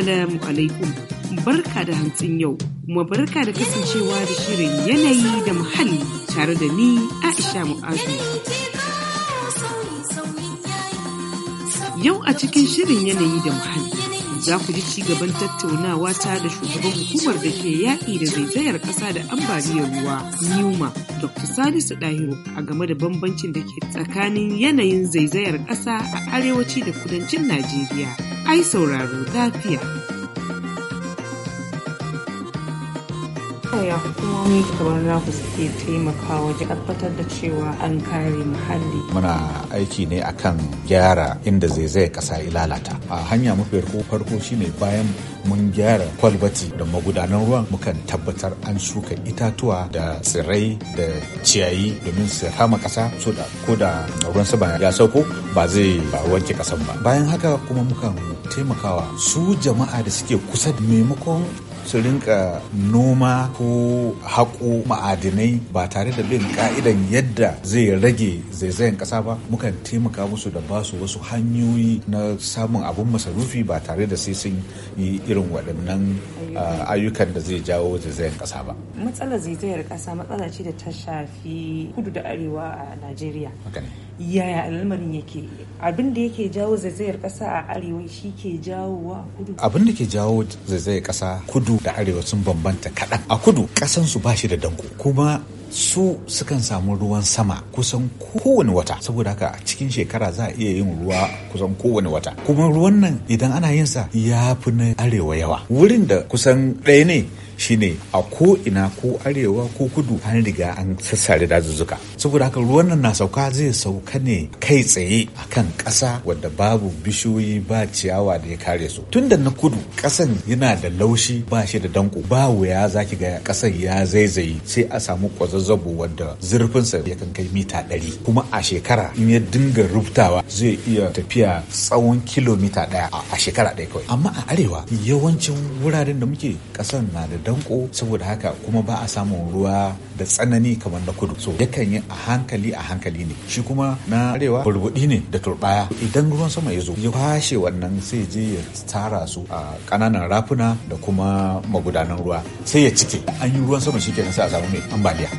Assalamu alaikum. Barka da hantsin yau, kuma barka da kasancewa da shirin yanayi da muhalli tare da ni Aisha Mu'azu. Yau a cikin shirin yanayi da muhalli. za ku ji ci gaban tattaunawa ta da shugaban hukumar da ke yaƙi da zaizayar ƙasa da ambaliyar ruwa Newma Dr. Salisu Dahiru a game da bambancin da ke tsakanin yanayin zaizayar ƙasa a arewaci da kudancin Najeriya. ai sauraro lafiya. yaya hukumomi kamar naku suke taimaka wajen tabbatar da cewa an kare muhalli muna aiki ne akan gyara inda zai kasa ya lalata a hanya mafi farko shine bayan mun gyara kwalbati da magudanan ruwan mukan tabbatar an shuka itatuwa da tsirrai da ciyayi domin su kama kasa so da ko da ruwan sama ya sauko ba zai wanke kasan ba bayan haka kuma mukan taimakawa su jama'a da suke kusa da maimakon su rinka noma ko haƙo ma'adinai ba tare da bin ka'idan yadda zai rage zaizayen ƙasa ba mukan taimaka musu da ba su wasu hanyoyi na samun abin masarufi ba tare da sai sun yi irin waɗannan ayyukan da zai jawo zaizayen ƙasa ba. Matsalar zaizayar ƙasa matsala ce da ta shafi kudu da arewa a Najeriya. yaya al'amarin yake abin da yake jawo zaizayar kasa a arewa shi ke jawo wa kudu abin da ke jawo zaizayar kasa kudu da arewa sun bambanta kaɗan a kudu ƙasansu ba shi da danko kuma su sukan samu ruwan sama kusan kowane wata saboda haka a cikin shekara za a iya yin ruwa kusan kowane wata kuma ruwan nan idan ana yin sa ya fi na arewa yawa wurin da kusan ɗaya ne shine a ko ina ko arewa ko kudu an riga an sassare dazuzzuka saboda haka ruwan nan na sauka zai sauka ne kai tsaye akan ƙasa wadda babu bishiyoyi ba ciyawa da ya kare su tunda na kudu ƙasan yana da laushi ba shi da danko ba wuya zaki ga ƙasan ya zaizaye sai a samu kwazazzabo wadda zurfinsa ya kan kai mita ɗari kuma a shekara in ya dinga rubtawa zai iya tafiya tsawon kilomita ɗaya a shekara ɗaya kawai amma a arewa yawancin wuraren da muke ƙasan na da danko saboda haka kuma ba a samun ruwa da tsanani kamar na kudu so yakan yi a hankali a hankali ne shi kuma na arewa burbuɗi ne da turbaya idan ruwan sama ya zo ya kwashe wannan sai je ya tara su a ƙananan rafuna da kuma magudanan ruwa sai ya cike an yi ruwan sama shi kenan sai a samu mai ambaliya.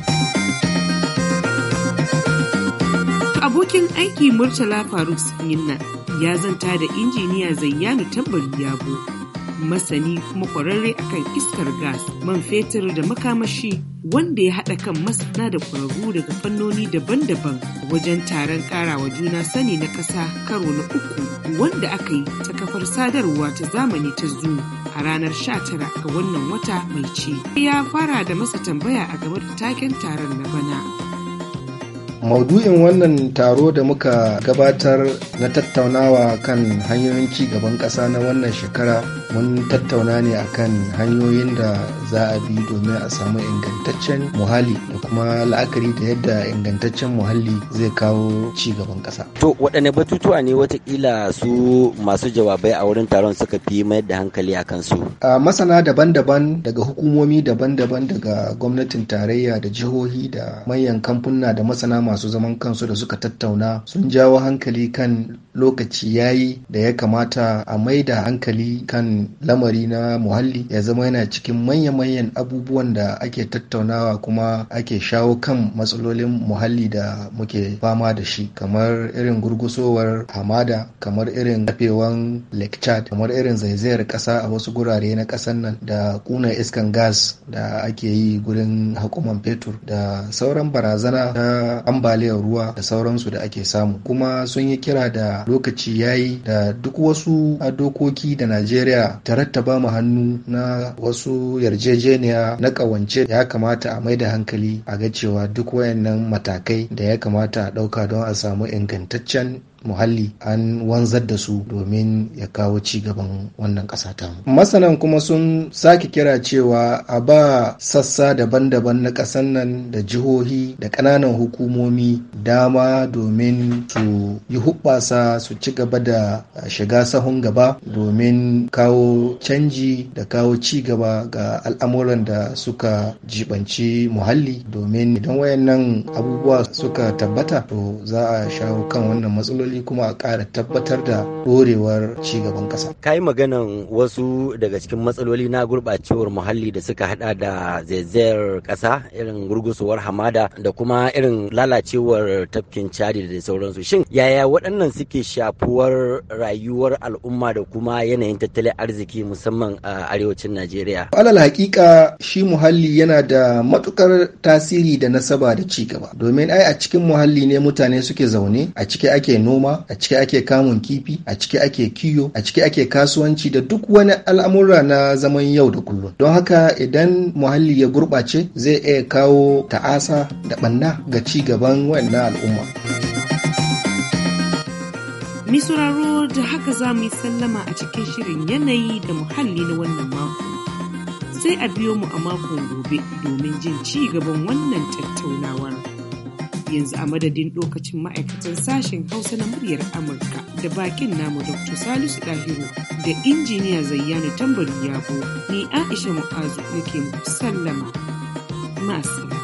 abokin aiki murtala faruk yinna ya zanta da injiniya zayyanu tambari yabo masani kuma kwararre akan iskar gas man fetur da makamashi wanda ya haɗa kan masana da kwararru daga fannoni daban-daban wajen taron ƙarawa juna sani na ƙasa karo na uku wanda aka yi ta kafar sadarwa ta zamani ta zoom a ranar 19 ga wannan wata mai ce ya fara da masa tambaya a game da taken taron na bana Maudu'in wannan taro da muka gabatar na tattaunawa kan hanyoyin ci gaban ƙasa na wannan shekara mun tattauna ne a kan hanyoyin da za a bi domin a samu ingantaccen muhalli da kuma la'akari da yadda ingantaccen muhalli zai kawo ci gaban ƙasa. To waɗanne batutuwa ne watakila su masu jawabai a wurin taron suka fi mayar da hankali a kansu? masana daban-daban daga hukumomi daban-daban daga gwamnatin tarayya da jihohi da manyan kamfuna da masana masu zaman kansu da suka tattauna sun jawo hankali kan lokaci yayi da ya kamata a maida hankali kan lamari na muhalli ya zama yana cikin manya-manyan abubuwan da ake tattaunawa kuma ake shawo kan matsalolin muhalli da muke fama da shi kamar irin gurgusowar hamada kamar irin kafewan lake chad kamar irin zaizayar ƙasa a wasu gurare na ƙasan nan da kuna iskan gas da ake yi gurin hakuman fetur da sauran barazana ta ambaliyar ruwa da sauransu da ake samu kuma sun yi kira da lokaci yayi da duk wasu dokoki da najeriya ta rattaba mu hannu na wasu yarjejeniya na kawance ya kamata a mai da hankali a ga cewa duk wayannan matakai da ya kamata a ɗauka don a samu ingantaccen muhalli an wanzar da su domin ya kawo ci gaban wannan ƙasa ta masanan kuma sun sake kira cewa a ba sassa daban-daban na ƙasar nan da jihohi da ƙananan hukumomi dama domin su yi hubbasa su ci gaba da shiga sahun gaba domin kawo canji da kawo ci gaba ga al'amuran da suka jibanci muhalli domin idan wayannan abubuwa suka tabbata to za a shawo kan wannan matsaloli hankali kuma a ƙara tabbatar da ɗorewar cigaban ƙasa. Ka yi maganan wasu daga cikin matsaloli na gurɓacewar muhalli da suka haɗa da zaizayar ƙasa irin gurgusowar hamada da kuma irin lalacewar tafkin cadi da sauransu. Shin yaya waɗannan suke shafuwar rayuwar al'umma da kuma yanayin tattalin arziki musamman a arewacin Najeriya? Alal hakika shi muhalli yana da matukar tasiri da nasaba da cigaba. domin ai a cikin muhalli ne mutane suke zaune a ciki ake noma noma a ciki ake kamun kifi a ciki ake kiyo a ciki ake kasuwanci da duk wani al'amura na zaman yau da kullum don haka idan muhalli ya gurɓace zai iya kawo ta'asa da ɓanna ga ci gaban wannan al'umma. sauraro da haka za mu yi sallama a cikin shirin yanayi da muhalli na wannan mako. Sai a biyo mu a makon gobe domin jin ci gaban wannan tattaunawar. yanzu a madadin lokacin ma'aikatan sashen hausa na muryar amurka da bakin namu dr salisu dahiru da injiniya zayyana tambari yabo ni aisha mu'azu nake sallama masu